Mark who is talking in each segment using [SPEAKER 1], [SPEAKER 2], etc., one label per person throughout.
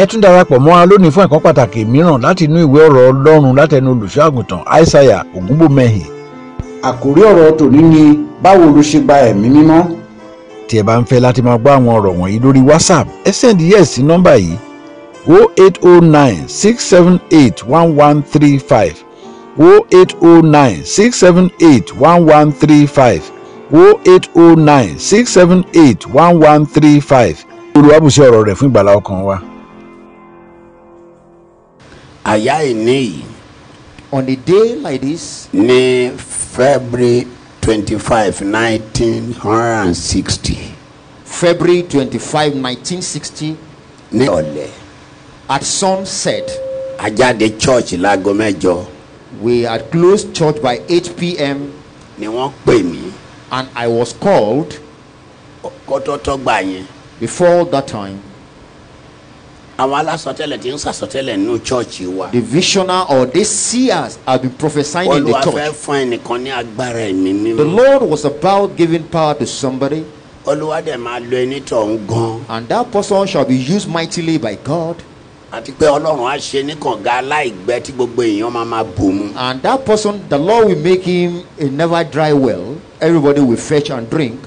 [SPEAKER 1] ẹ tún darapọ̀ mọ́ wa lónìí fún ẹ̀kọ́ pàtàkì mìíràn láti inú ìwé ọ̀rọ̀ ọlọ́run látẹnu olùṣọ́àgùntàn aishaiya ògúnbòmẹ́hìn. àkórí ọ̀rọ̀ tòní ni báwo ló ṣe gba ẹ̀mí mímọ́. tí ẹ bá ń fẹ́ láti máa gbọ́ àwọn ọ̀rọ̀ wọ̀nyí lórí whatsapp ẹ sẹ́ndí yẹ̀ sí nọ́mbà yìí 08096781135 08096781135 08096781135 olùwàbùsẹ̀ ọ̀rọ̀ rẹ̀ fún ìgbàlá ọkàn wa
[SPEAKER 2] àyá ìní yìí. on a day like this. ní February twenty-five nineteen hundred and sixty. February twenty-five nineteen sixty. ní ọ̀lẹ́. at sunset. a jáde church láago mẹ́jọ. we had closed church by eight pm. ni wọ́n pè mí. and I was called. kó tó tó gbà yẹn. before that time àwọn alásọtẹ́lẹ̀ ti ń sàsọtẹ́lẹ̀ nínú chọ́ọ̀chì wa. the visioner or the seers have been prophesying in the church. olúwa fún ẹnìkan ní agbára ẹ̀mí mímọ́. the lord was about giving power to somebody. olúwa máa lo ẹni tó ń gan. and that person shall be used mightily by God. àti pé ọlọ́run á ṣe ní aláìgbẹ́ tí gbogbo èèyàn máa máa bò mu. and that person the lord will make him a never dry well everybody will fetch and drink.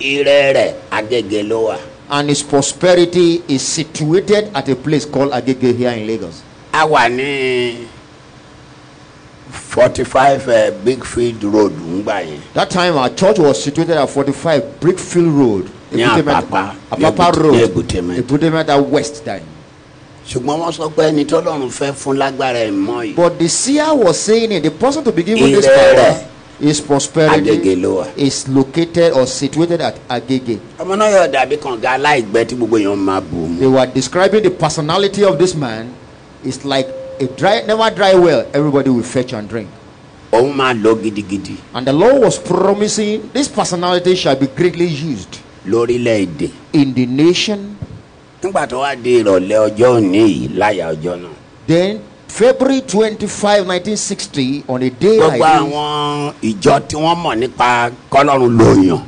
[SPEAKER 2] ire rẹ̀ agẹ́gẹ́ ló wà and his prosperity is situated at a place called Agege here in Lagos. a wà ní forty-five eh, Brickfield Road ngbà yẹn. that time our church was situated at forty-five Brickfield Road. ní Apapa Apapa Road Ebutemeta West time. ṣùgbọ́n wọ́n sọ pé ẹni tọ́lọ́run fẹ́ fún lágbára ẹ̀ mọ́ yìí. but the seer was saying it the person to begin with this power. His prosperity is located or situated at Agege. They were describing the personality of this man. It's like a dry, never dry well. Everybody will fetch and drink. And the Lord was promising this personality shall be greatly used in the nation. Then February twenty five nineteen sixty on a day like this. gbogbo àwọn ìjọ tí wọ́n mọ̀ nípa kọ́lọ́run lóyún.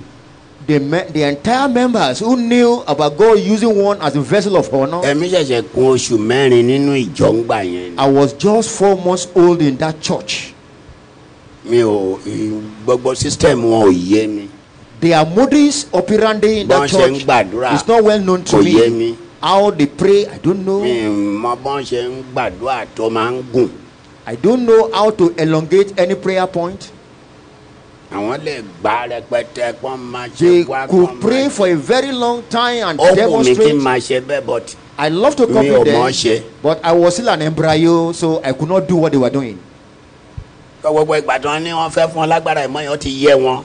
[SPEAKER 2] The, me- the entire members who knew about God using one as a vessel of honor. Ẹ̀mí ṣẹ̀ṣẹ̀ kún oṣù mẹ́rin nínú ìjọ ń gbà yẹn. I was just four months old in that church. Mi ò gbogbo system wọn ò yé mi. Their modus operandi in that church is not well known to me. How the pray i don't know. mi mọ bọ́n ṣe ń gbàdúrà tó máa ń gùn. i don't know how to elongate any prayer point. àwọn lè gba rẹpẹtẹ kó máa ṣe wá kó máa. they could pray for a very long time and oh, demonstrate. ó kí n máa ṣe bẹ́ẹ̀ but. i love to come copy them. mi but i was still an embryo so i could not do what they were doing. gbogbo ìgbà tí ní wọ́n fẹ́ fún ọ ìmọ̀ yẹn ó ti yé wọn.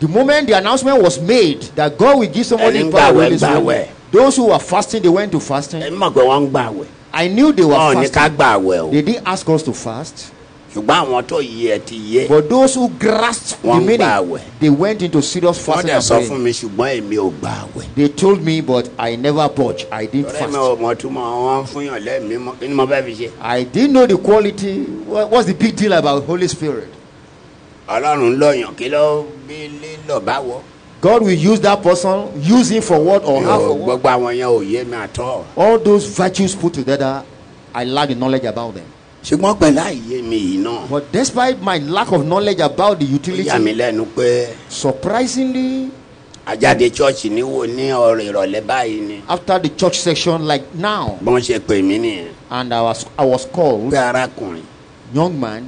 [SPEAKER 2] the moment the announcement was made that God will give somebody power in this way those who were fasting they went to fasting. ẹ mọ̀ pé wọ́n ń gbà wẹ̀. I knew they were oh, fasting. ọ̀ ní ká gbà wẹ̀ o. they didn't ask us to fast. ṣùgbọ́n àwọn tó yẹ ti yẹ. but those who grasped the meaning they went into serious fasting and praying. wọ́n dẹ̀ sọ fún mi ṣùgbọ́n èmi ò gbà wẹ̀. they told me but I never budge I didn't fast. ọ̀rẹ́ mi ò mọ̀ tún mọ̀ fún yàn lẹ́mìí mọ́ kí ni mo bá fi ṣe. I didn't know the quality what's the big deal about Holy Spirit. ọlọ́run lọ́yàn kí ló bí lílọ báwọ̀. God will use that person, use him for what or how for what. Gbogbo àwọn yẹn ò yé mi at all. All those virtues put together, I lack the knowledge about them. Ṣùgbọ́n pẹ̀lú àìyé mi yìí náà. But despite my lack of knowledge about the utility. Ó yà lẹ́nu pé. Surprisingly. Àjáde church ni wo ní ọ̀rọ̀ ìrọ̀lẹ́ báyìí ni. After the church section like now. Bọ́n ṣe pè mí nìyẹn. And I was, I was called. Pé arákùnrin. Young man.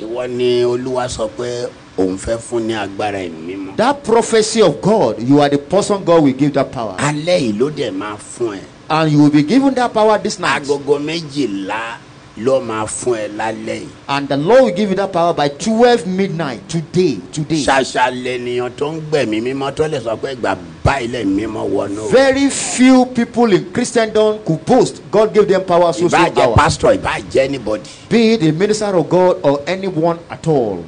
[SPEAKER 2] Ìwọ ni Olúwa sọ pé that prophecy of God you are the person God will give that power. and you will be given that power this night. and the Lord will give you that power by twelve midnight today today. very few people in Christendom could boast God gave them power so so power. ìbá jẹ́ pastor anybody. be it a minister of God or anyone at all.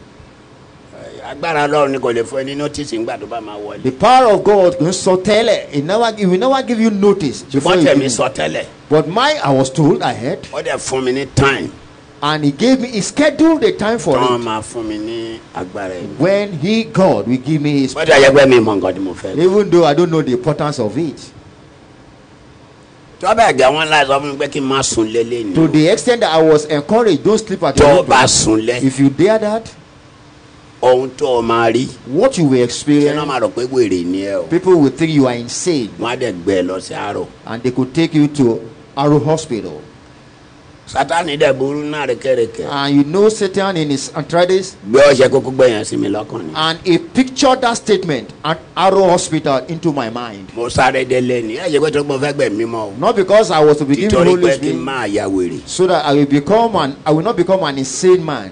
[SPEAKER 2] agbára ọlọ́run ni kò lè fún ẹ ní notice ńgbà tó bá máa wọlé. the power of God kò sọ tẹ́lẹ̀ it never it will never give you notice. ṣùgbọ́n tẹ̀mí sọ tẹ́lẹ̀. but my I was told ahead. heard. ó dẹ̀ fún mi ní time. and he gave me he scheduled the time for Toma it. tọ́ máa fún mi ní agbára yìí. when he God will give me his. bọ́dọ̀ ayẹgbẹ́ mi mọ nǹkan tí mo fẹ́. even though I don't know the importance of it. tọ́ bẹ́ẹ̀ gẹ̀ wọ́n láì sọ fún mi pé kí n má sùn lé lé ni. to the extent that I was encouraged don't sleep at night. own bá sùn lẹ. if you dare that ohun tó o máa rí. what you will experience. sẹ́nà máa rò pé wèrè ni ẹ o. people will think you are insane. wọ́n á dẹ̀ gbẹ lọ sí Arrow. and they could take you to Arrow hospital. Sátánì dẹ̀ burú náà rékèrékè. and you know Satan in his arthritis. bí ó ṣe kúkú gbẹ̀yàn sí mi lọ́kàn ni. and he pictured that statement at Arrow hospital into my mind. mo sáré délé ni ẹ ṣe pé tó gbọ́n fẹ́ gbẹ̀mí mọ́ o. not because I was to be given holy spirit. títorí pé kí n máa ya wèrè. so that I will become an I will not become an insane man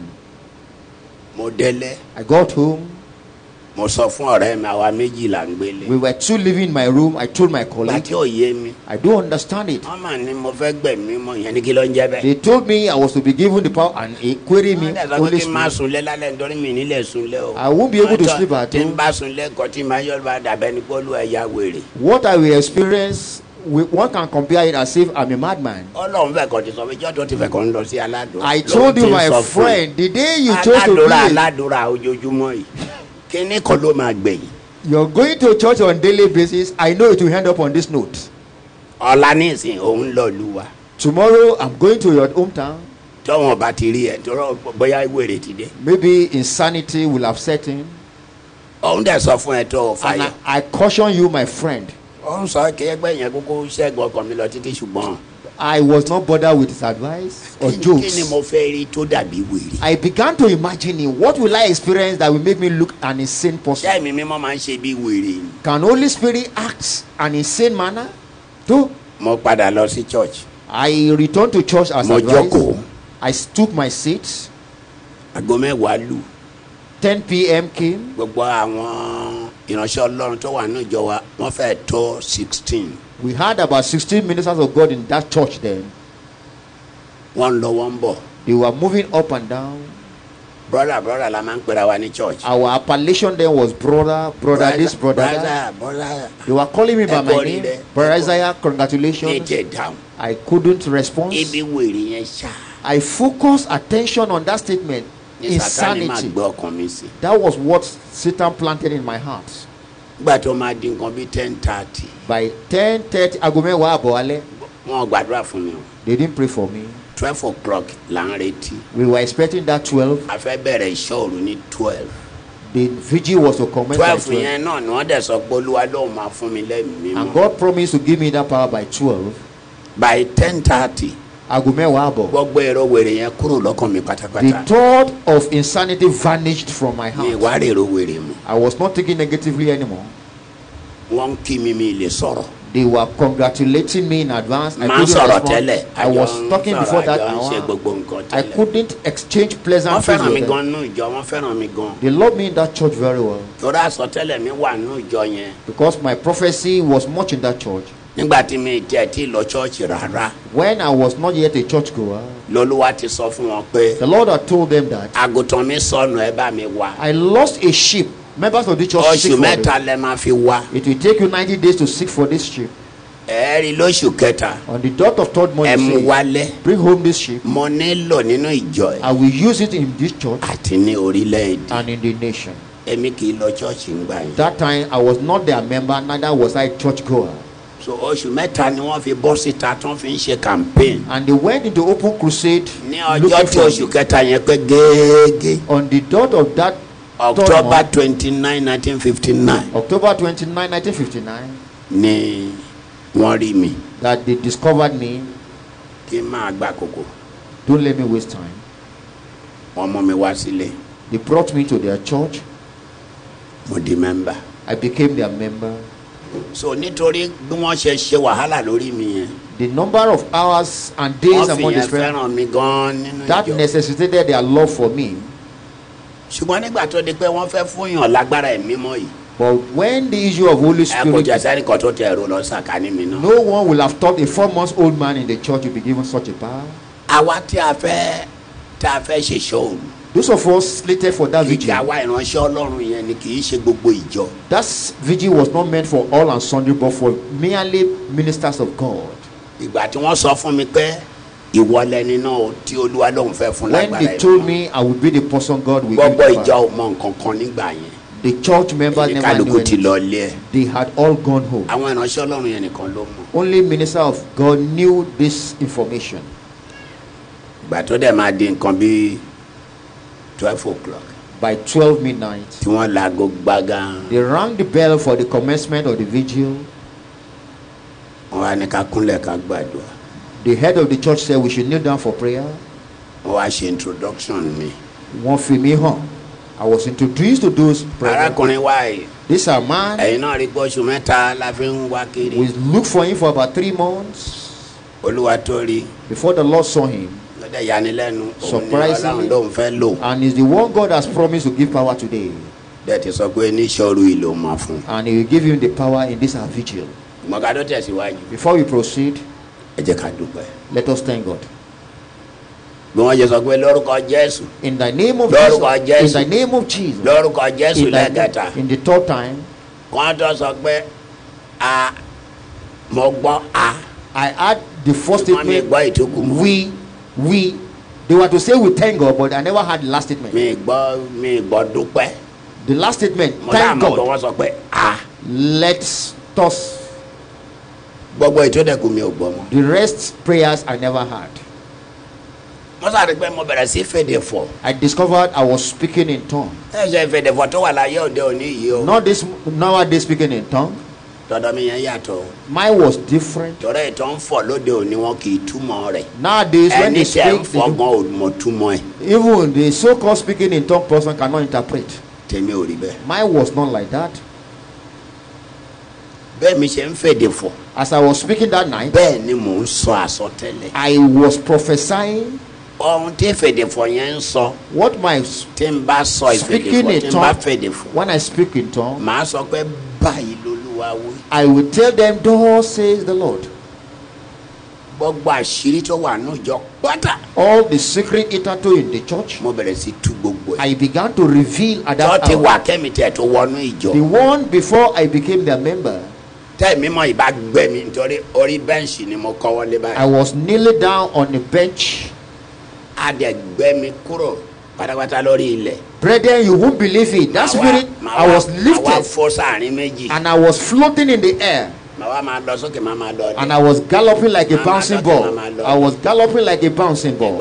[SPEAKER 2] mo délé. I got home. mo sọ fún ọ̀rẹ́ mi àwa méjì là ń gbélé. we were two living in my room I told my colleague. bàtí òye mi. I don't understand it. wọ́n mà ní mo fẹ́ gbẹ̀mí mọ̀ yẹn ní kí ló ń jẹ́ bẹ́ẹ̀. they told me I was to be given the power and he queried me only sleep. wọ́n dẹ̀ sọ sunlé lálẹ́ nítorí mi nílẹ̀ sunlé o. I won't be able to sleep at home. tí n bá sunlé kọtí máa yọ̀ bá dàbẹ́ ní pọ́lú ẹ̀yà wèrè. what I will experience we, one can compare it as if I'm a madman. Ọlọ́run fẹ́ kàn ti sọ pé jọ́dún ti fẹ́ kàn ń lọ sí aládùn. I told you my friend the day you chose to be. Aládùúrà aládùúrà ojoojúmọ́ yìí. Kíní kan ló máa gbẹ̀yìn. You're going to church on daily basis. I know it will end up on this note. Ọ̀la ní ìsìn òun lọ lu wa. Tomorrow I'm going to your hometown. Tọ́wọ̀n bá ti rí ẹ̀ tọ́rọ bóyá wèrè ti dé. Maybe insanity will have set in. Òun dẹ̀ sọ fún ẹ tó o fàyọ. And I caution you my friend ó sọ kí ẹgbẹ́ yẹn kókó ṣẹ́gun ọkàn mi lọ títí ṣùgbọ́n. I was not bothered with his advice or jokes. Kí ni mo fẹ́ rí tó dàbí wèrè? I began to imagine him. What will I experience that will make me look an insane person? Ṣé ẹ̀mí mímọ́ máa ń ṣe bí wèrè Can Holy Spirit act an insane manner? Too. Mo padà lọ sí church. I returned to church as advice. Mo jókòó. I took my seat. Aago mẹ́wàá lù. ten pm came. Gbogbo àwọn. ìránṣẹ́ ọlọ́run tó wà nínú ìjọ wa wọ́n won tó sixteen. we had about sixteen ministers of God in that church then. wọ́n lọ wọ́n bọ̀. they were moving up and down. brother brother la máa ń pera wa ní church. our appellation then was brother brother this brother brother, that. brother they were calling me by my name brother Isaiah congratulations. I couldn't respond. ibi yẹn ṣá. I focused attention on that statement Insanity. That was what Satan planted in my heart. But gonna be ten thirty. By ten thirty, agome wa aboale. Wọ́n They didn't pray for me. twelve o'clock là we were expecting that twelve. I fẹ́ better. Sure, we need twelve. the Fiji was to come. twelve. sọ and God promised to give me that power by twelve. by ten thirty aago mẹ́wàá àbọ̀. gbogbo èrò wèrè yẹn kúrò lọ́kàn mi pátápátá. the thought of insanity vanished from my heart. mi wèrè mu. I was not thinking negatively anymore. wọ́n kí mi mi lè sọ̀rọ̀. they were congratulating me in advance. I Tẹ́lẹ̀. I was talking before that I couldn't exchange pleasant words with them. They love me in that church very well. Because my prophecy was much in that church. nígbà tí mi tiẹ̀ ti lọ ṣọ́ọ̀ṣì rárá. when I was not yet a church goer. lolúwa ti sọ fún wọn pé. the Lord had told them that. àgùntàn mi sọnù ẹ bá mi wá. I lost a sheep members of the church oṣù it. mẹ́ta lẹ máa fi wá. it will take you ninety days to seek for this sheep. ẹ lóṣù kẹta. on the dot of third month. ẹ mú bring home this sheep. mo nílò nínú ìjọ I will use it in this church. àti ní orílẹ̀-èdè. and in the nation. èmi kì í lọ ṣọ́ọ̀ṣì ń yẹn. that time I was not their member neither was I church goer so oṣù mẹ́ta ni wọ́n fi bọ́ síta tó fi ń ṣe campaign. and they went into open crusade. ní ọjọ́ tí oṣù kẹta yẹn pé gẹ́gẹ́. on the dot of that. october twenty nine nineteen fifty nine. october twenty nine nineteen fifty nine. ni wọ́n rí mi. that they discovered me. kí n máa gba àkókò. don't let me waste time. wọ́n mú mi wá sílé. they brought me to their church. mo di member. I became their member so nítorí bí wọ́n ṣe ṣe wàhálà lórí mi yẹn. the number of hours and days among the friends. that necessitated their love for me. ṣùgbọ́n nígbà tó di pé wọ́n fẹ́ fún yàn lágbára ẹ̀mí mọ́ yìí. But when the issue of Holy Spirit. Àkójọ sẹ́ni kan tó tẹ̀ ẹ̀rọ lọ sàkání mi náà. No one will have thought a four months old man in the church to be given such a power. Àwa tí a fẹ́ tí a fẹ́ ṣèṣọ́ òru those of us slated for that vigil. gíga wa ìránṣẹ́ ọlọ́run yẹn ni kì í ṣe gbogbo ìjọ. that vigil was not meant for all and sundry but for merely ministers of God. ìgbà tí wọ́n sọ fún mi pé ìwọ lẹni náà tí olúwa lòun fẹ́ fún lágbára ìmọ̀. when they told me I would be the person God will give me. gbogbo ìjọ ò mọ nǹkan kan nígbà yẹn. the church members never knew anything. they had all gone home. àwọn ìránṣẹ́ ọlọ́run yẹn nìkan ló mọ̀. only minister of God knew this information. ìgbà tó dẹ̀ máa di nǹkan bíi. twelve o'clock. By twelve midnight. They rang the bell for the commencement of the vigil. The head of the church said we should kneel down for prayer. Why she introduction me? Wọ́n fi mí I was introduced to those prayer. This a man. We looked for him for about three months. Before the Lord saw him surprisingly and is the one God has promised to give power today that is sọ pé ní sọ́ọ́rù ìlò máa fún. and he will give you the power in this our vigil. mọ̀ká tó tẹ̀síwájú. before we proceed. let us thank God. in the name of pé lórúkọ in the name of jesus lórúkọ jésù in the name of jesus Lord lórúkọ jésù lẹ́kẹta. in the third time. wọ́n tó sọ pé a mo gbọ́ had the first statement we. we they were to say we thank God, but I never had the last statement. Mi gbọ́ mi gbọ́ dúpẹ́. The last statement thank God. Mo dáàmú kí wọ́n sọ pé ah. Let's toss. Gbogbo ètò ìdẹ́kun mi ò gbọ́ mọ́. The rest prayers I never had. Mo sáré pé mo bẹ̀rẹ̀ sí fèdè fọ̀. I discovered I was speaking in tongue. Ẹ ṣe fèdè fọ̀ tó wà láyé òde òní yìí o. Not this nowadays speaking in tongue. My was different. Today don't follow the only òní wọn kì í túmọ̀ nowadays when they speak ẹni tẹ fọgàn ò even the so called speaking in tongue person cannot interpret. tèmi ò rí bẹ́ẹ̀. mine was not like that. bẹ́ẹ̀ as i was speaking that night. i was prophesying. what my. tí sọ ìfèdè fọ̀ tí n when i speak in tongue. màá sọ pé báyìí ló Olúwa wí. I will tell them thus says the Lord. Gbogbo àṣírí tó wà ní ìjọ pátá. All the secret itato in the church. Mo bẹ̀rẹ̀ sí tú gbogbo ẹ̀. I began to reveal at that hour. Tọ́tí wà kẹ́mi tẹ̀ tó wọnú ìjọ. The one before I became their member. Tẹ́mi mọ̀ ìbá gbẹ nítorí orí bẹ́ǹṣì ni mo kọ́ wọlé báyìí. I was kneeling down on the bench. Adẹ̀gbẹ́ mi kúrò pátápátá lórí ilẹ̀. Brethren, you won't believe it. That spirit I was lifted and I was floating in the air. And I was galloping like a bouncing ball. I was galloping like a bouncing ball.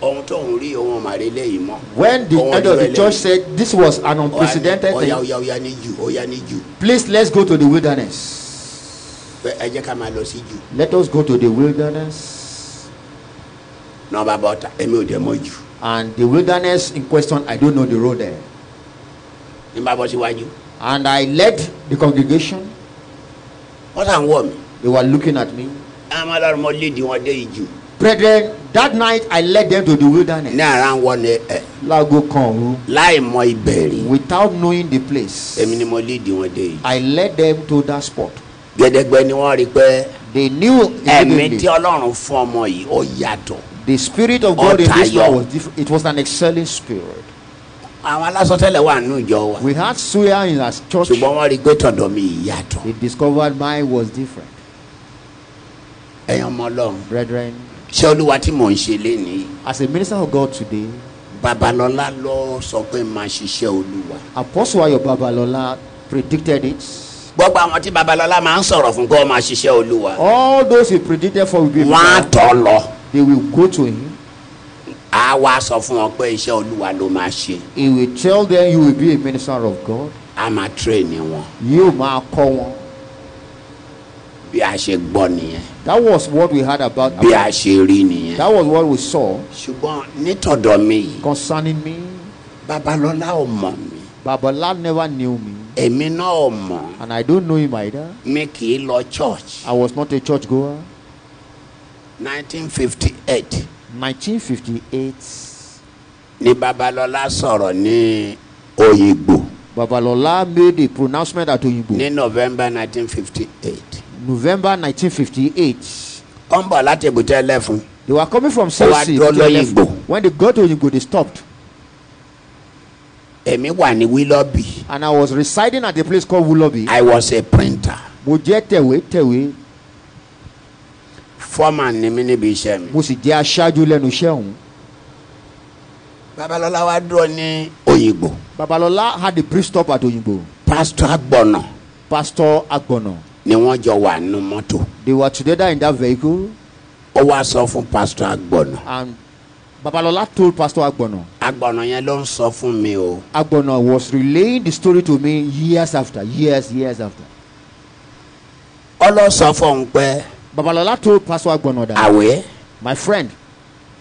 [SPEAKER 2] ohun tó ń rí ohun ọmọ àrẹ lẹ́yìn mọ́. when the head of the church said this was an unprecedented thing. oya oya ni ju oya ni ju. please let's go to the wilderness. ẹ jẹ́ ká máa lọ sí ju. let us go to the wilderness. náà bá èmi ò dẹ̀ mọ̀ jù. and the wilderness in question I don't know the road there ní bá bọ́ síwájú. and I led the congregation. wọ́n sàn wọ̀ mí. they were looking at me. àwọn ọlọ́run mo lead wọn dé ìjù. brethren that night I led them to the wilderness. ní ara ń wọlé ẹ. láago kan òru. láì mọ ibẹ̀ without knowing the place. èmi ni mo lead wọn dé ìjù. I led them to that spot. gẹ́dẹ́gbẹ́ ni wọ́n rí pé. they knew immediately. ẹ̀mí tí ọlọ́run fún ọmọ yìí ó yàtọ̀. the spirit of God in this world was different it was an excelling spirit àwọn alásọtẹ́lẹ̀ wà nínú ìjọ wa. we had suya in our church. ṣùgbọ́n wọ́n rí i pé tọ̀dọ̀ mi ìyàtọ̀. discovered mine was different. ẹ̀yin ọmọ Ọlọ́run. brethren. ṣé olúwa tí mò ń ṣe lénìí. as a minister of God today. Babalọlá ló sọ pé máa ṣiṣẹ́ olúwa. apostle Ayọ̀ Babalọlá predicted it. gbogbo àwọn tí Babalọlá máa ń sọ̀rọ̀ fún kó máa ṣiṣẹ́ olúwa. all those he predicted for will be. wọ́n á tọ̀ lọ. they will go to him a wá sọ fún wọn pé iṣẹ́ olúwa ló máa ṣe. he will tell them you will be a minister of God. a máa train wọn. yóò máa kọ́ wọn. bí a ṣe gbọ́ nìyẹn. that was what we heard about. bí a ṣe rí nìyẹn. that was what we saw. ṣùgbọ́n nítọ̀dọ̀ mi concerning me. babalọ́lá ò mọ̀ mi. babalọ́lá never knew me. èmi náà ò mọ̀. and I don't know him either. mi kì í lọ church. I was not a church goer. 1958 nineteen ni babalọla sọ̀rọ̀ ní oyigbo. babalọla made a pronouncement at oyigbo. ní november nineteen fifty eight. november nineteen fifty eight. ó ń bọ̀ láti èbúté ẹlẹ́fun. they were coming from sẹ́sì to oyigbo. when they got to oyigbo they stopped. èmi wà ní willoughby. and i was residing at a place called willoughby. i was a printer. mo jẹ́ tẹ̀wé tẹ̀wé foreman ni mi níbi iṣẹ́ mi. mo sì jẹ́ aṣáájú lẹ́nu iṣẹ́ ọ̀hún. Babalọlá wa dúró ní Òyìnbó. Babalọlá had the priest stop at Òyìnbó. Pastor Agbọ̀nà. Pastor Agbọ̀nà. Ni wọ́n jọ wà nínú mọ́tò. They were together in that vehicle. Ó wá sọ fún Pastor Agbọ̀nà. And Babalọlá told Pastor Agbọ̀nà. Agbọ̀nà yẹn ló ń sọ fún mi o. Agbọ̀nà was relaying the story to me years after years years after. Ọlọ́sọ fún un pé babalọla tó pásọ agbọnọdà. àwẹ̀. my friend.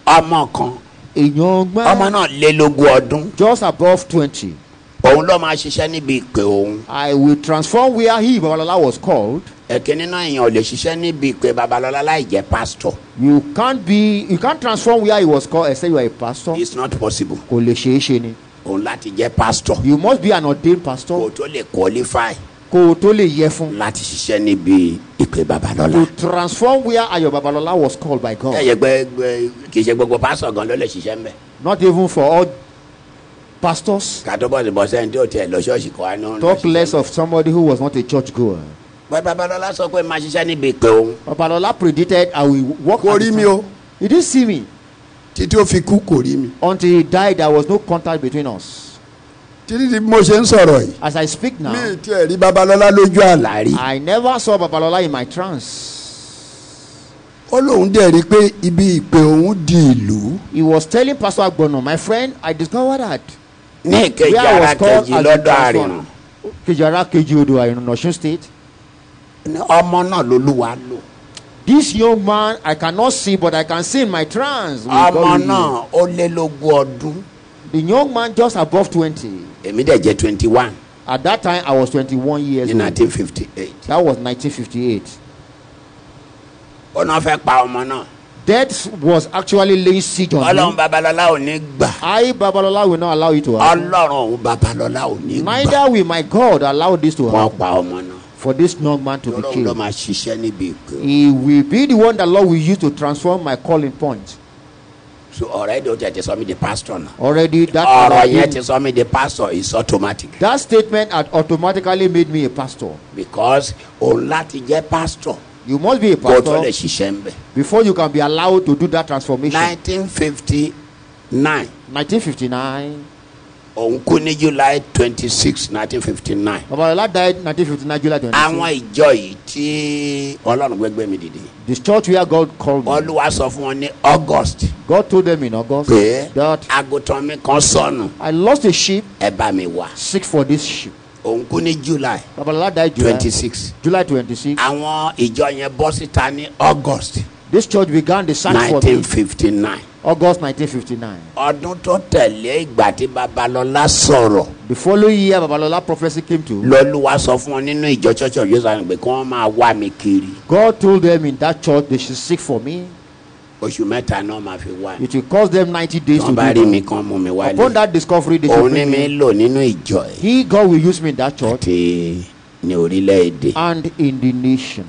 [SPEAKER 2] ọmọ kan. èèyàn gbọ́n. ọmọ náà lé lógún ọdún. just above twenty. òun ló máa ṣiṣẹ́ níbi ìpè òun. I will transform where he babalọla was called. ẹ̀kíní náà èèyàn ò lè ṣiṣẹ́ níbi ìpè babalọla láì jẹ́ pastor. you can't be you can't transform where he was called except you are a pastor. it's not possible. kò lè ṣeé ṣe ni. òun láti jẹ́ pastor. you must be an ordained pastor. kò tó lè qualify kó tó lè yẹ fún. láti ṣiṣẹ́ níbi ìpè babalọ́la. to transform where Ayọ̀ Babalọ́la was called by God. ẹyẹ kì í ṣe gbogbo pásọ gan ló lè ṣiṣẹ́ mbẹ. not even for all pastors. kàtọ́bọ̀ lè bọ́ sẹ́yìn tí o tiẹ̀ lọ ṣọ́ọ̀ṣì kọ́ àánú. talk less of somebody who was not a church goer. bẹ́ẹ̀ babalọ́la sọ pé máa ṣiṣẹ́ níbi ìpè òun. babalọ́la predicted I will work. kò rí mi o. he didn't see me. títí ó fi kú kò rí mi. until he died there was no contact between us títí mo ṣe ń sọ̀rọ̀ yìí. as I speak now. mi ti ẹ̀ rí Babalọ́lá lójú àlá rí. I never saw Babalọ́lá in my trance. ó lóun dẹ̀ rí pé ibi ìpè òun di ìlú. he was telling Pastor Agbono my friend I discovered that.
[SPEAKER 1] ní kejì ara kejì lọ́dọ̀ àrìnà.
[SPEAKER 2] kejì ara kejì odò àrìnà Ọ̀ṣun state. ọmọ náà lolúwa lò. this young man I cannot see but I can see in my trance. ọmọ náà ó lé lógún ọdún. the young man just above twenty èmi dẹ̀ jẹ́ twenty one. at that time i was twenty one years in old. in nineteen fifty eight. that was nineteen fifty eight. ó náà fẹ́ pa ọmọ náà. death was actually laying siege on him. ọlọ́run babalọ́lá ò ní gbà. i babalọ́lá will not allow it to happen. ọlọ́run babalọ́lá ò ní gbà. neither will my god allow this to happen. wọ́n pa ọmọ náà. for this young man to be killed. he will be the one that Lord will use to transform my calling point. so already ó jẹ ti sọ mi di pastor na. already that ọ̀rọ̀ yẹn ti sọ mi di pastor is automatic. that statement had automatically made me a pastor. because òun láti jẹ́ pastor. you must be a pastor. kó tó lè ṣiṣẹ́ ń bẹ̀. before you can be allowed to do that transformation. nineteen fifty nine. nineteen fifty nine. ònkú ní july twenty six nineteen fifty nine. babalọla died nineteen fifty nine july twenty six. àwọn ìjọ yìí tí ọlọ́run gbẹgbẹ́ mi dìde. the church where God called me. olúwa sọ fún wọn ní august. God told them in august. pé àgùntàn mi kan sọnù. I lost a sheep. ẹ bá mi wá. seek for this sheep. ònkú ní july. babalọla died july twenty six. july twenty six. àwọn ìjọ yẹn bọ́ síta ní august. This church began the search 1959. for me. August 1959. ọdún tó tẹ̀lé ìgbà tí babalọla sọ̀rọ̀. the following year babalọla prophecy came to. lọ́lúwa sọ fún wọn nínú ìjọ church of jesus pé kí wọ́n máa wá mi kiri. God told them in that church they should seek for me. oṣù mẹ́ta náà máa fi wá. it will cost them ninety days to do that. tọ́ba rí mi kan mú mi wálé. upon that discovery they should bring me. òun ni mi lò nínú ìjọ. he God will use me in that church. àti ní orílẹ̀-èdè. and in the nation.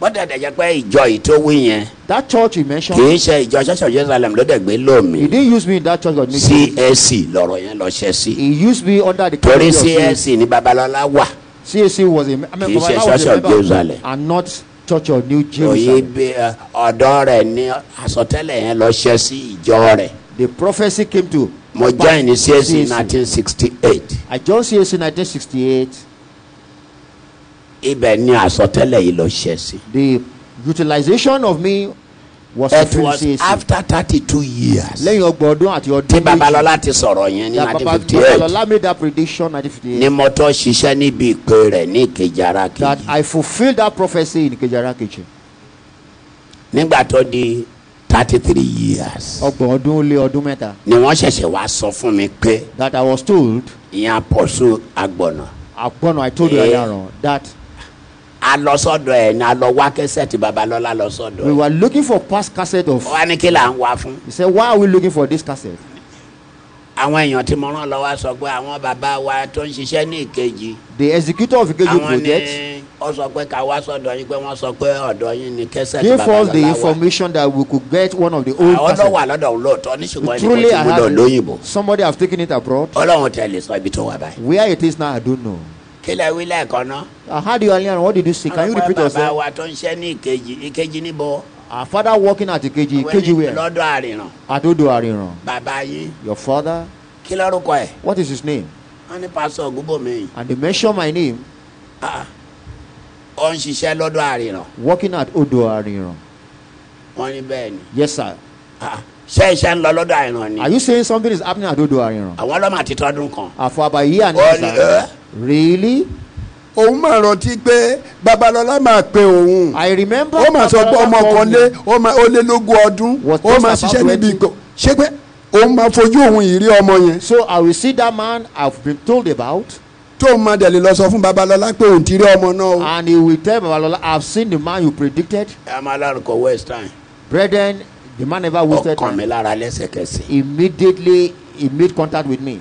[SPEAKER 2] bọ́dà dẹ̀jẹ̀ pé ìjọ ìtòwí yẹn. that church you mentioned. kì í ṣe ìjọ church of jerusalem ló dẹ̀ gbé lò he didn't use me in that church of jerusalem. csc lọ̀rọ̀ yẹn lọ ṣe sí. he used me under the. torí csc ní babalọla wà. csc was a. kì í ṣe church of jerusalem. and not church of new jerusalem. ọ̀dọ́ rẹ̀ ní àsọtẹ́lẹ̀ yẹn lọ ṣe sí ìjọ rẹ̀. the prophecy came to. mo join csc nineteen sixty eight. i joined csc nineteen sixty eight ibẹ̀ ni àsọtẹ́lẹ̀ yìí lọ ṣẹ sí. the utilization of me was it was after thirty two years. lẹ́yìn ọgbọ̀n ọdún àti ọdún méjì. tí babalọ́lá ti sọ̀rọ̀ yẹn ní nineteen fifty eight. babalọ́lá made that prediction nineteen fifty eight. ni mo tọ́ ṣiṣẹ́ níbi ìpè rẹ̀ ní ìkejì kejì. that I fulfilled that prophecy in ìkejì ara kejì. nígbà tó di thirty three years. ọgbọ̀n ọdún lé ọdún mẹ́ta. ni wọ́n ṣẹ̀ṣẹ̀ wá sọ fún mi pé. that I was told. ìyẹn àpọ̀sù agbọ̀nà. agbọ̀nà I told you earlier eh, that a lọ ni a lọ wá kẹsẹtì Babalọlá we were looking for past cassette of. wọ́n kí là ń wá fún. he said why are we looking for this cassette. àwọn èèyàn tí mo rán lọ sọ pé àwọn bàbá wa tó ń ṣiṣẹ́ ní ìkejì. the executor of ìkejì project. àwọn ni ó sọ pé ká wá sọ́dọ̀ yín pé wọ́n sọ pé ọ̀dọ̀ yín ni kẹsẹtì Babalọlá wa. give us the information that we could get one of the old cassettes. àwọn ọ̀dọ̀ lọ́dọ̀ lóòótọ́ ní ṣùgbọ́n ẹni kò tí mo lóyìnbó. somebody has taken it abroad. Ọlọ́run tẹ̀lé sọ ibi tó wà báyìí. where it is now I don't know kílẹ̀ wílẹ̀ kọ́nà. I uh, heard you earlier what did you see can you repeat yourself. àwọn bàbá wa tó ń ṣe ní ìkejì ìkejì níbo. our father working at ìkejì ìkejì where. lọ́dọ̀ àrìràn. àdódò àrìràn. bàbá yín. your father. kí lórúkọ ẹ. what is his name. wọ́n ní pásọ̀ ògúnbòmí. and they mention my name. Ah, ah. ó ń ṣiṣẹ́ lọ́dọ̀ àrìràn. working at odò àrìràn. wọ́n ní bẹ́ẹ̀ ni. yes sir. Ah, ṣé ń lọ lọ́dọ̀ àìràn ni. are you saying something is happening at odo àìràn. àwọn ọlọ́mọ àti tọdún kan. àfọwọ́bà yìí àná really. òun máa rántí pé babalọla máa pe òun. i remember babalọla ó máa sọ pé ọmọ kan lé ó lé lógún ọdún ó máa ṣiṣẹ́ níbi ìgbò ṣé pé òun máa fojú òun yìí ọmọ yẹn. so i will see that man i have been told about tó máa dẹ̀ lè lọ sọ fún babalọla pé òun ti rí ọmọ náà. and he will tell babalọla i have seen the man you predicted. ẹ máa lárúkọ west time. brethren the man never wasted time. ọkàn mi lára lẹ́sẹ̀kẹsẹ̀. immediately he made contact with me.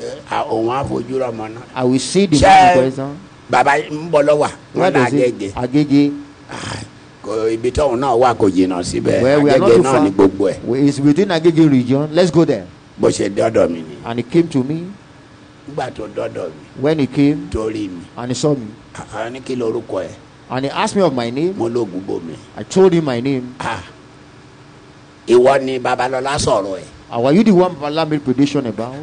[SPEAKER 2] Eh, òun àfojúra ọmọ náà. I will see the man in person. baba ń bọ̀ lọ́wọ́ wọn náà agége. agége. Ah, kò ibi tóun náà wà kò jìnnà síbẹ̀ agége náà ni gbogbo ẹ̀. well it's within agége region let's go there. bó ṣe dọ́dọ̀ mi ni. and he came to me. nígbà tó dọ́dọ̀ mi. when he came. torí mi. and he saw me. àwọn ní kí lorúkọ ẹ. and he asked me of my name. mo lóògùn bomi. I told him my name. ah ìwọ ni babalọla sọ̀rọ̀ ẹ. are you the one Babalola made prediction about.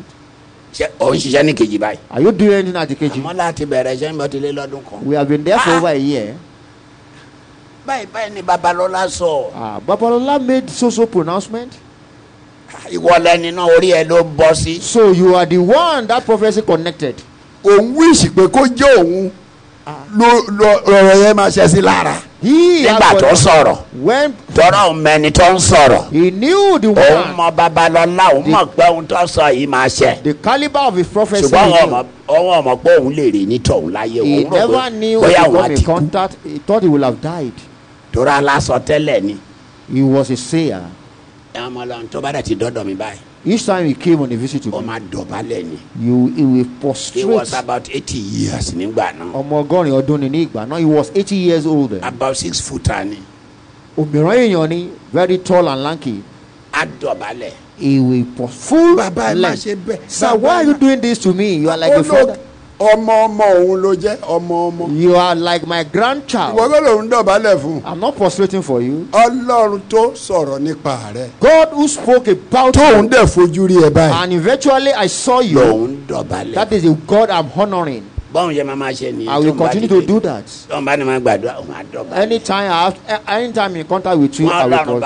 [SPEAKER 2] ṣe o ń ṣiṣẹ́ ní kejì báyìí. are you doing anything at the kejì. àmọ́ láti bẹ̀rẹ̀ ṣe ń bọ̀ tilé lọ́dún kan. we have been there for ah. over a year. báyìí báyìí ni babalọla sọ. ah babalọla made so so pronouncement. Ah, ìwọ lẹni náà orí ẹ ló bọ́ sí. so you are the one that prophecy connected. òun wíṣì pé kó jẹ́ òun ah. lọ́rọ̀ yẹn máa ṣe sí lára nígbà tó sọ̀rọ̀ tọ́rọ̀ mẹ́ni tó ń sọ̀rọ̀ òun mọ babalọ́lá òun mọ̀ pé òun tó sọ yìí máa ṣẹ. the calibre of his prophecy. ṣùgbọ́n ọmọ ọmọ ọmọ pé òun lè rí ní tọ̀hún láyé òun rò pé bóyá òun àti kú. tora lásọ tẹ́lẹ̀ ni. he was a sayer. ọmọ lọ́run tó bá dẹ̀ ti dọ́dọ̀ mi báyìí. each time he came on a visit to me. you he will prostrate. he was about eighty years nígbà náà. ọmọ ọgọ́rin ọdún ni ní ìgbà náà he was eighty years old. about six foot ni. òmíràn èèyàn ni very tall and lanky. àdọ̀bálẹ̀. he will prostrate. bàbá ẹ̀ máa ṣe sir why are you doing this to me you are like a oh, father. No. ọmọ ọmọ òun ló jẹ́ ọmọ ọmọ. you are like my grandchild. ìwọ gbọ́dọ̀ ń dọ̀bálẹ̀ fún. i'm not frustrating for you. ọlọ́run tó sọ̀rọ̀ nípa rẹ. God who spoke about you. tóun dẹ̀ fojú rí ẹ báyìí. and eventually I saw you. lòun dọ̀bálẹ̀. that is the God i'm honouring. bọ́n yẹn máa ṣe nìyẹn. I will continue to do that. tọ́n bá ní ma gbàdúrà ó máa dọ̀bálẹ̀. anytime I have anytime in contact with you I will call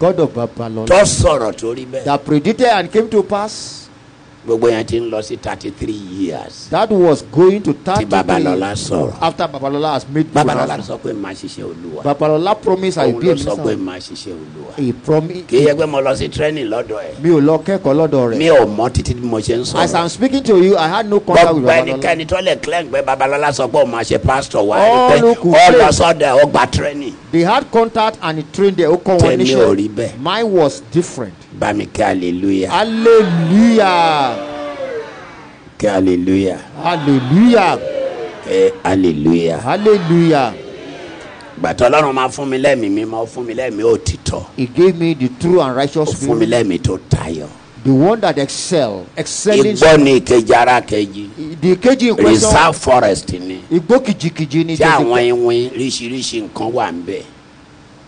[SPEAKER 2] God of babalọ́lá. tó sọ̀rọ̀ torí bẹ́ẹ̀. that predicted and came to pass. gbogbo yẹn ti ń lọ sí thirty three years. that was going to thirty three. ti babalọla sọrọ. after babalọla has made. babalọla sọ pé màá ṣiṣẹ́ olúwa. babalọla promise i be a minister. òun ló sọ pé màá ṣiṣẹ́ olúwa. a promise. kì í yẹ pé mo lọ sí training lọ́dọ̀ ẹ̀. mi ò lọ kẹ́kọ̀ọ́ lọ́dọ̀ rẹ̀. mi ò mọ títí bí mo ṣe ń sọ̀rọ̀. as i'm speaking to you i had no contact with babalọla. gbogbo ẹnikẹ́ni tó lè claim pé babalọla sọ pé òun máa ṣe pastor wa. all who could they had contact and he trained there. ó kọ́ wọn níṣẹ́. tèmi was different. bá mi kí hallelujah. hallelujah. kí hallelujah. hallelujah. ẹ hallelujah. hallelujah. gbàtọ́ ọlọ́run máa fún mi lẹ́mìí mímọ́ fún mi lẹ́mìí òtítọ́. he gave me the true and righteous spirit. ó fún mi lẹ́mìí tó tayọ. the one that excel excelling. igbó ni ìkejì kejì. the keji in question. reserve forest ni. igbó kìjìkìjì ni. tí àwọn iwin oríṣiríṣi nǹkan wà ń bẹ̀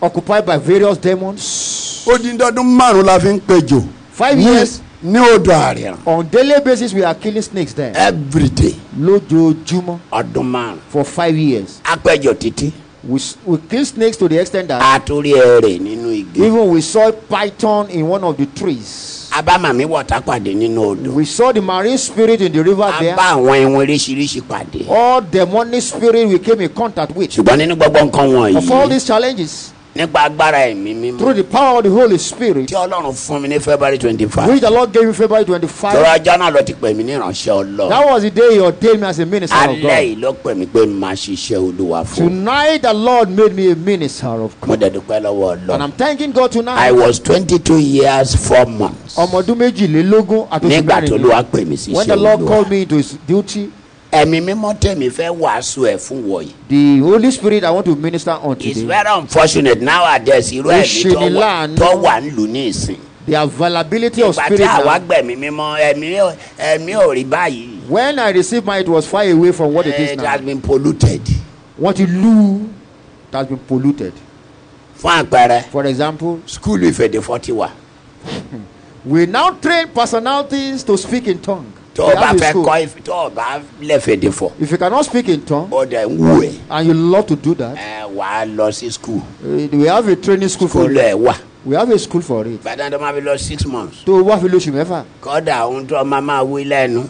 [SPEAKER 2] occupied by various demons. ó dín dọ́dún márùn la fi ń pejò. five years. ní odò àríran. on daily basis we are killing snakes there. every day. lójoojúmọ́. ọdún márùn. for five years. apẹjọ títí. we we kill snakes to the extent that. àtúrí ẹrẹ̀ nínú igi. even we saw python in one of the trees. abamami wọta pàdé nínú odò. we saw the marine spirit in the river there. a àwọn ẹwọn oríṣiríṣi pàdé. all demonic spirit we came in contact with. ṣùgbọ́n nínú gbogbo nǹkan wọ̀nyí. of all these challenges. nípa agbára ẹ̀mí mímọ́. through the power of the holy spirit. tí ọlọ́run fún mi ní february twenty five. which the lord gave me february twenty tọ́lá ajá náà lọ ti pè mí ní ìránṣẹ́ ọlọ́run. that was the day he ordained me as a minister of God. alẹ́ yìí ló pè mí pé máa ṣiṣẹ́ olúwa fún. tonight the lord made me a minister of God. mo lọ́wọ́ ọlọ́run. and i'm thanking God tonight. i was twenty two years four months. ọmọ ọdún méjìlélógún àti oṣù mẹ́rin. nígbà tó wá pè mí olúwa. when the lord called me into his duty ẹ̀mí mímọ́ tẹ̀mí fẹ́ wàásù ẹ̀ fún wọ̀nyí. the holy spirit i want to minister on today. it's very unfortunate now. nowadays irú ẹ̀mí tó wà ń lù ní ìsìn. the availability of spirit now. ìgbà tí àwa gbẹ̀mí mímọ́ ẹ̀mí ẹ̀mí ò rí báyìí. when i received mine it was far away from what it is eh, now. it has been polluted. wọ́n ti lù it has been polluted. fún àpẹẹrẹ. for example. school ìfẹ̀dẹ̀fọ́ ti wà. we now train personalities to speak in tongue. tó o bá fẹ́ kọ́ tó o bá lẹ́fẹ̀ẹ́ de fọ. if you cannot speak in tongue. o de n wú ẹ. and you love to do that. ẹ wà á lọ sí school. Eh, we have a training school for you. we have a school for it. bàtà tó máa fi lọ six months. tó o wá fi lóṣù mẹ́fà. kọ́dà ohun tó máa máa wí lẹ́nu.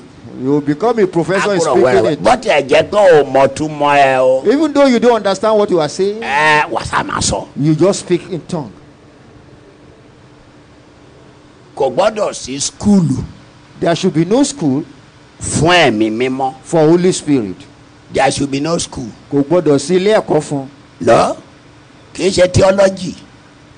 [SPEAKER 2] you become a professor in speaking well, it. bọ́tí ẹ jẹ́ pé o mọ̀ tún mọ ẹ o. even though you don't understand what you are saying. ẹ wàsá máa sọ. you just speak in tongue. kò gbọ́dọ̀ sí skúlù. There should be no school. Fún ẹ̀mí mímọ́. For Holy Spirit. There should be no school. Kò gbọ́dọ̀ sí ilé ẹ̀kọ́ fún. Lọ, kì í ṣe theology.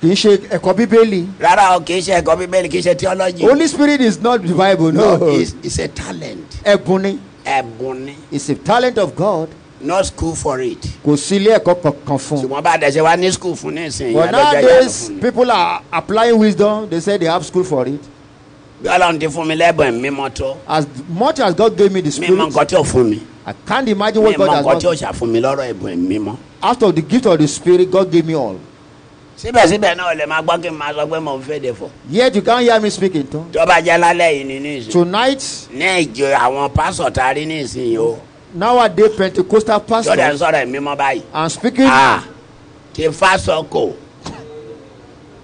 [SPEAKER 2] kì í ṣe ẹ̀kọ́ bíbélì. rárá o kì í ṣe ẹ̀kọ́ bíbélì kì í ṣe theology. holy spirit is not the bible no. no it's, it's a talent. ẹ̀bùn ni. ẹ̀bùn ni. it's a talent of God. no school for it. kò sí ilé ẹ̀kọ́ kankan fún. ṣùgbọ́n bá a dẹ̀ ṣe wá ní school fún ní ìsìn. but nowadays people are applying wisdom they say they have school for it. bí ti fún mi lẹ́bùn mímọ́ tó. as much as God gave me the spirit. mímọ nǹkan tí ò fún mi. I can't imagine what God has done. mímọ nǹkan tí ò ṣàfún mi lọ́rọ̀ ẹ̀bùn mímọ́. out of the gift of the spirit God gave me all. síbẹ̀síbẹ̀ náà lè máa gbọ́ kí n máa sọ pé mo ń fèdè fọ. yet you can't hear me speaking tó bá jẹ́ lálẹ́ yìí nísìnyí. tonight. ní ìjọ àwọn pásọ̀ tá rí nísìnyí o. nowadays Pentecostal pastors. jọ̀dẹ̀ ń sọ̀rọ̀ mímọ́ báyìí. and speaking. ah ti fa sọkò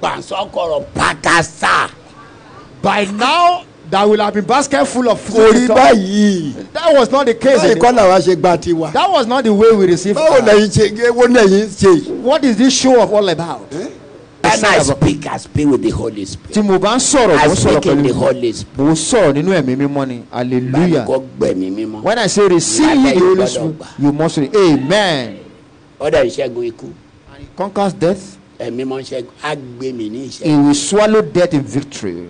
[SPEAKER 2] pàṣọkọ̀rọ̀ pátá by now that will have been basket full of food. kò báyìí. that was not the case. báyìí kọ́ làwọn ṣe gba tiwa. that was not the way we received. báwo lẹ́yìn ṣe wo lẹ́yìn ṣe. what is this show of all about. Eh? and I speak I speak with the Holy Spirit. tí mo bá ń sọ̀rọ̀ mo sọ̀rọ̀ pẹ̀lú the Holy Spirit. mo sọ̀rọ̀ nínú ẹ̀mí mímọ́ ni hallelujah. báyìí kò gbẹ̀mí mímọ́. when I say receive the Holy Spirit you must say amen. ọ̀dà ìṣẹ́gun ikú. and he conquers death. ẹ̀mí mọ́ ṣẹ́gun á gbé mi ní ìṣẹ́gun. he will swallow death in victory.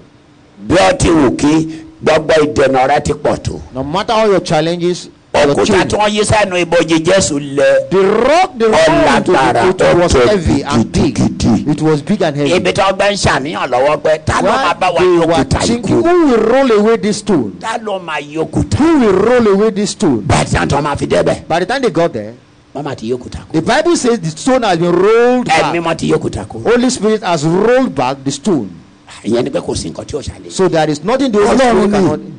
[SPEAKER 2] bí ó ti wù kí gbogbo ìdènà rẹ ti pọ̀ tó. no matter all your challenges. òkúta tí wọ́n yí sẹ́nu ibojì Jésù lẹ. the rock the rock was heavy it was big and heavy. ibi tí wọ́n gbé ń ṣàníyàn lọ́wọ́ pé ta ló máa bá wa òkúta yìí kú. who will roll away this stone. ta ló máa òkúta. who will roll away this stone. by the time tí wọ́n máa fi débẹ̀. by the time they got there. Mama ti The Bible says the stone has been rolled back. Holy Spirit has rolled back the stone ìyẹn ni pé kò sí nǹkan tí ó ṣàlè. so there is nothing the holy spirit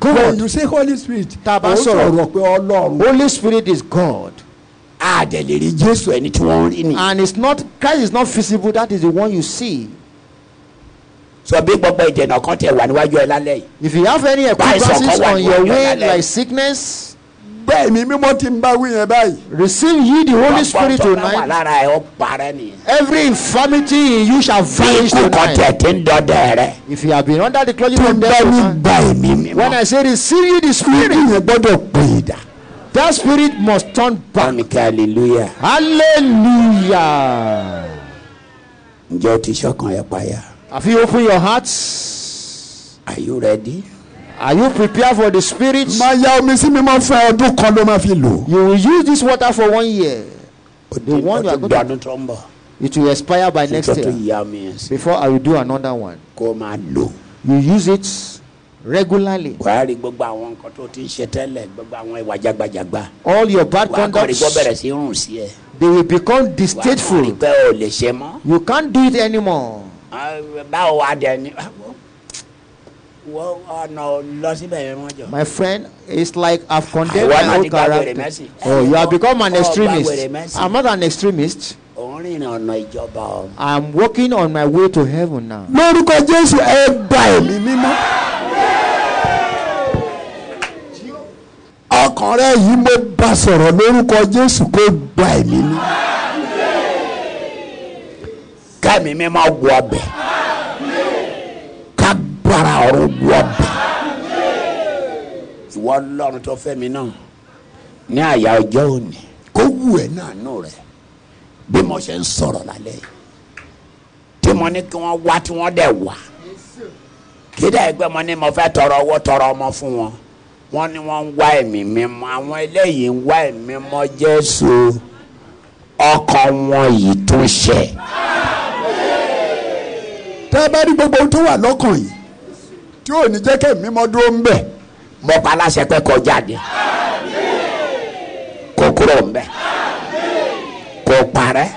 [SPEAKER 2] cannot god when you say holy spirit. tá a bá sọ̀rọ̀ pé ọlọ́run. holy spirit is god. a dẹ̀ lè rí jésù ẹni tí wọ́n rí ni. and it's not christ is not visible that is the one you see. so bí gbogbo ìdènà kan tẹ wà níwájú ẹ lálẹ́ yìí. if you have any equivalences on your way like sickness bẹ́ẹ̀ mi mímọ́ ti ń bá báyìí. receive ye the holy spirit tonight. every infirmity in you shall vanish tonight. if you have been under the clergy from there to now. when I say receive ye the spirit. that spirit must turn back. hallelujah. hallelujah. ǹjẹ́ o ti ṣọkàn ẹ̀ payà. have you opened your heart. are you ready. Are you prepared for the spirit? Máa ya omi sí mímọ́ fún ẹ ọdún kan ló máa fi lò. You will use this water for one year. The one you are going to it will expire by next year. Before I will do another one. Kó máa lò. You use it regularly. wàá gbogbo àwọn nǹkan tó ti ń ṣe tẹ́lẹ̀ gbogbo àwọn ìwà jagbajagba. all your bad conduct. they will become distasteful. you can't do it anymore. Ah, báwo wá dẹ ni My friend, it's like I've condemned my own character. Oh, you have become an extremist. I'm not an extremist. I'm walking on my way to heaven now. Lórúkọ Jésù ẹ gba ẹ̀mí mímọ́. Ọkàn rẹ yìí mo bá sọ̀rọ̀ lórúkọ Jésù kó gba ẹ̀mí mímọ́. Kẹ́mi mímọ́ wọ ọbẹ̀ àrùn wọ́pù ìwọ ọlọ́run tó fẹ́ mi náà ní àyà ọjọ́ òní kó wù ẹ́ náà nù rẹ̀ bí mo ṣe ń sọ̀rọ̀ lálẹ́ yìí tí mo ní kí wọ́n wá tí wọ́n dẹ̀ wá kí dẹ̀ gbé mo ní mo fẹ́ tọrọ owó tọrọ ọmọ fún wọn wọ́n ní wọ́n ń wá ẹ̀mí mímọ́ àwọn eléyìí ń wá ẹ̀mí mímọ́ Jésù ọkàn wọn yìí tún ṣe. tẹ́ bá rí gbogbo tó wà lọ́kàn yìí tí ò ní jẹ́ kí èmi mọ́ dúró ń bẹ̀ mọ́ pa aláṣẹ pé kó jáde kó kúrò ń bẹ̀ kó parẹ́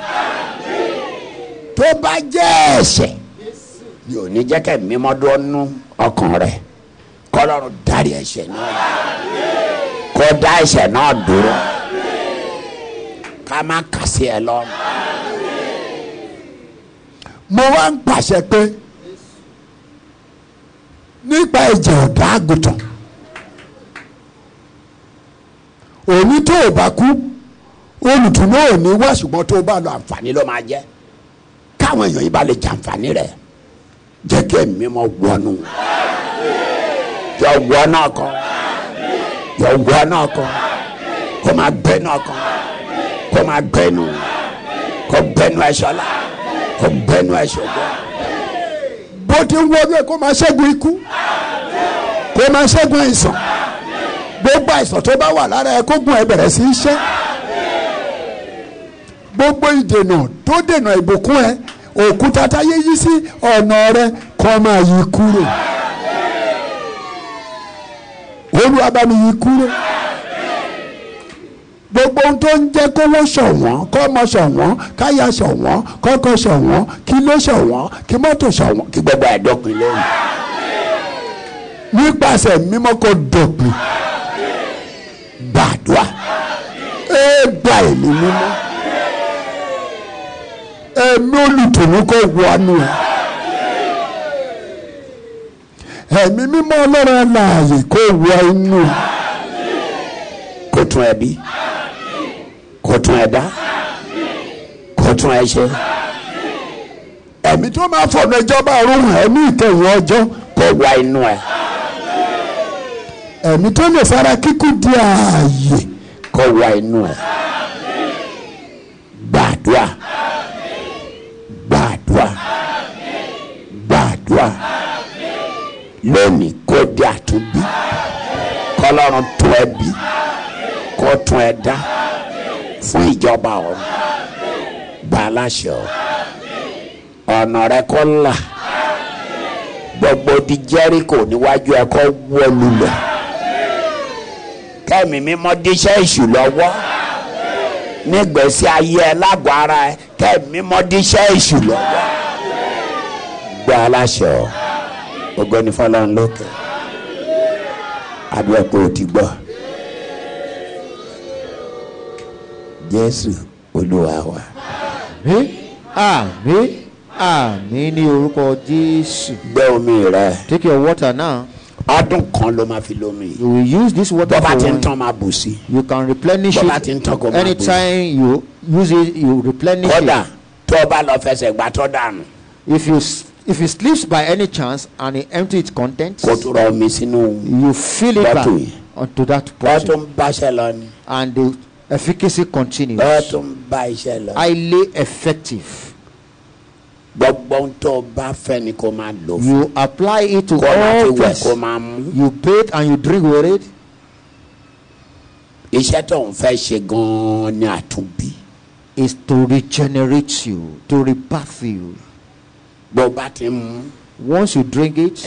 [SPEAKER 2] tó bá jẹ́ ẹ̀ṣẹ̀ ni ò ní jẹ́ kí èmi mọ́ dúró nú ọkàn rẹ̀ kọ́lọ́run dárí ẹ̀ṣẹ̀ náà kó dá ẹ̀ṣẹ̀ náà dúró ká má kà ẹ lọ. mo wá ń pàṣẹ pé nípa ẹ̀jẹ̀ ọ̀dọ́ àgùntàn òní tó o bá kú olùtúmọ̀ òní wá ṣùgbọ́n tó o bá lọ àǹfààní ló máa jẹ́ káwọn èèyàn yìí bá lè jàǹfààní rẹ̀ jẹ́ kí ẹ̀mí mọ́ wọnú yọ wọ náà kan yọ wọ náà kan kó máa gbẹ́ náà kó máa gbẹ́nu kó gbẹ́nu ẹ̀ṣọ́ la kó gbẹ́nu ẹ̀ṣọ́ gbọ́ bó ti ń wọnú ẹ kó máa ṣẹ́gun ikú kó máa ṣẹ́gun àìsàn gbogbo àìsàn tó bá wà lára ẹ kó gùn ẹ bẹ̀rẹ̀ sí í ṣẹ́ gbogbo ìdènà tó dènà ìbùkún ẹ òkúta táyé yí sí ọ̀nà rẹ kó máa yí kúrò olúwa bá yí kúrò gbogbo ohun tó ń jẹ́ kówó ṣọ̀wọ́n kọ́mọ ṣọ̀wọ́n káyà ṣọ̀wọ́n kọ́kọ́ ṣọ̀wọ́n kí ló ṣọ̀wọ́n kí mọ́tò ṣọ̀wọ́n kí gbogbo àdọ́kùn lẹ́yìn nípasẹ̀ mímọ́ kó dọ̀pin gbàdúrà ẹ gba èmi mímọ́ ẹ̀mí olùtùnú kó wọnú ẹ ẹ̀mí mímọ́ ọlọ́run alààyè kó wọ inú kó tún ẹbí kò tún ẹ dá kò tún ẹ ṣe. ẹ̀mí tó máa fọ̀nà ìjọba ọ̀run ẹ̀mí ìkẹyìn ọjọ́ kò inú ẹ. ẹ̀mí tó lè fara kíkú di ààyè kò wá inú ẹ. gbàdúrà gbàdúrà gbàdúrà lónìí kó di àtúbí kọlọ́run tún ẹ bí kó tún ẹ dá fún ìjọba ọ̀run bá a láṣẹ ọ ọ̀nà rẹ kọ́ ńlá gbogbo di Jẹ́ríkò níwájú ẹ kọ́ wọlú lọ kẹ́mi mímọ́ díṣẹ́ èṣù lọ́wọ́ nígbèsè ayé ẹ lágọ̀ ara ẹ kẹ́mi mímọ́ díṣẹ́ èṣù lọ́wọ́ gbọ́ aláṣẹ ọ gbogbo ò ti gbọ́. jésù olúwa wa. àmín àmín àmín ní orúkọ jésù. gbẹ́ omi rẹ. take your water now. ọdún kan ló máa fi lómi. you will use this water for one. bọ́bá ti ń tán máa bù sí. you can replenish it. bọ́bá ti ń tán kó máa bù. anytime you use it you replenish it. kódà tó o bá lọ fẹsẹ̀ gbà tó dànù. if you if it sleeps by any chance and it empty its contents. kò tó rọ omi sínú. you fill it back onto that portion. wọ́n tún báṣẹ lọ ni. and the Efficacy continues. Ọlọ́run bá iṣẹ́ lọ. Highly effective. Gbogbo tó bá fẹ́ ni kó máa lò. You apply it to all things. You bathe and you drink with it. Iṣẹ́ tó ń fẹ́ ṣe gan-an ni àtúnbí. Is to regenerate you, to rebirth you. Bó bá ti mú. Once you drink it,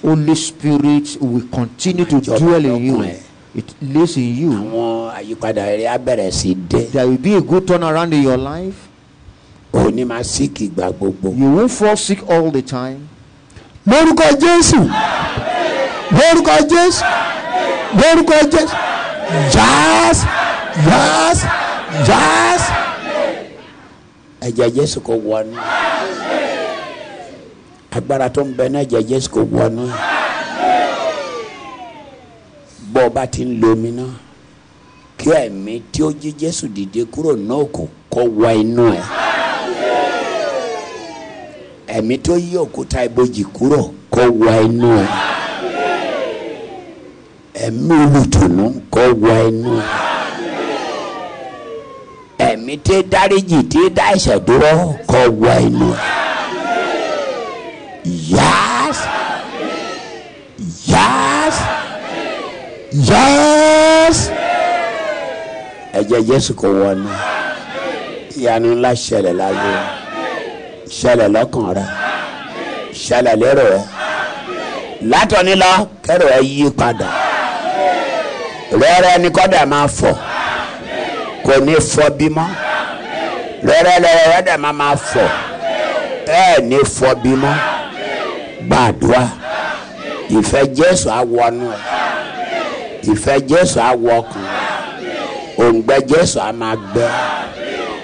[SPEAKER 2] Holy Spirit will continue to dwell in you. it lives in you. àwọn àyípadà rere á bẹ̀rẹ̀ sí dé. there will be a good turn around in your life. o ní máa sick ìgbà gbogbo. you won't fall sick all the time. lórúkọ jésù lórúkọ jésù lórúkọ jésù jazz jazz jazz ẹ̀jẹ̀ jésù kò wọnú agbára tó ń bẹ ní ẹ̀jẹ̀ jésù kò wọnú bọ́ ọba ti ń lo omi náà kí ẹ̀mí tí ó jí Jésù dìde kúrò náà kò kọ́ wọ inú ẹ̀ ẹ̀mí tó yí òkúta ibojì kúrò kọ́ wọ inú ẹ̀ ẹ̀mí olùtùnú kọ́ wọ inú ẹ̀ ẹ̀mí tí dáríjì tí dá ẹ̀ṣẹ̀ dúró kọ́ wọ inú ẹ̀ yá. Yes. Ẹ̀jẹ̀ Jésù kò wọnú. Ìyanu ńlá ṣẹlẹ̀ láyé. Ṣẹlẹ̀ lọ́kàn rẹ̀. Ṣẹlẹ̀ lérò rẹ̀. Látọ̀ní lọ kẹ́rọ ẹ yí padà. Rẹ́rẹ́ ni kọ́dà máa fọ̀. Kò ní fọ́ bímọ. Rẹ́rẹ́ lẹ́rẹ́ rẹ́dà máa máa fọ̀. Ẹ ní fọ́ bímọ. Gbàdúrà. Ìfẹ́ Jésù á ẹ ìfẹ́ jésù á wọ ọkàn òǹgbẹ jésù á máa gbẹ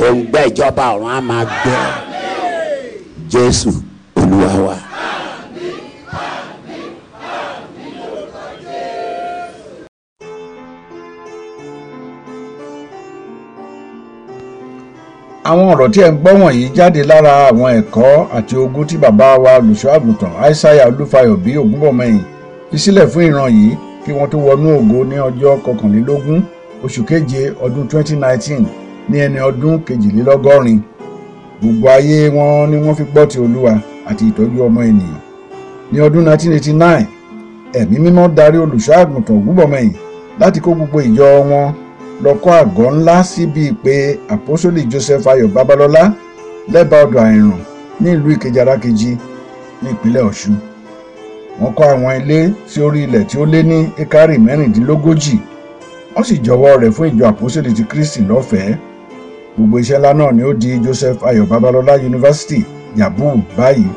[SPEAKER 2] òǹgbẹ ìjọba ọ̀run á máa gbẹ jésù olúwa wa.
[SPEAKER 1] àwọn ọ̀rọ̀ tí ẹ̀ ń gbọ́ wọ̀nyí jáde lára àwọn ẹ̀kọ́ àti ogún tí bàbá wa olùṣọ́ àgùntàn aishaiya olúfayọ bí ògúnbọ̀mọyìn fi sílẹ̀ fún ìran yìí kí wọ́n tó wọnú ògo ní ọjọ́ kọkànlélógún oṣù keje ọdún 2019 ní ẹni ọdún kejìlélọ́gọ́rin gbogbo ayé wọn ni wọ́n fi gbọ́ ti olúwa àti ìtọ́jú ọmọ ènìyàn ní ọdún 1989 ẹ̀mí mímọ́ darí olùṣọ́ àgùntàn ògúnbọ̀mọyìn láti kó gbogbo ìjọ wọn lọ kọ́ àgọ́ ńlá síbi ìpè àpọ́sólì joseph ayọ̀ babalọ́lá lẹ́bàá ọ̀dọ̀ àìràn ní ìlú ìkejì arákejì ní ìpínlẹ̀ ọ̀ṣun wọ́n kọ́ àwọn ilé sí orí ilẹ̀ tí ó lé ní ekari mẹ́rìndínlógójì wọ́n sì jọ̀wọ́ rẹ̀ fún ìjọ àpòsílẹ̀ ti kristi lọ́fẹ̀ẹ́ gbogbo iṣẹ́ ńlá náà ni ó di joseph ayọ̀ babalọ́lá yunifásitì yabu báyìí.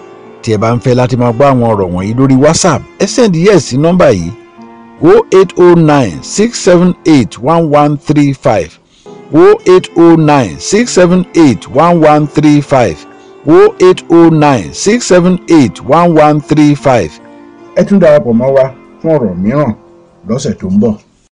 [SPEAKER 1] tí ẹ bá ń fẹ́ láti máa gbọ́ àwọn ọ̀rọ̀ wọ̀nyí lórí whatsapp ẹ sẹ́ndí yẹ̀ sí nọ́mbà yìí 08096781135 08096781135 08096781135 ẹ tún darapọ̀ mọ́ wa fún ọ̀rọ̀ mìíràn lọ́sẹ̀ tó ń bọ̀.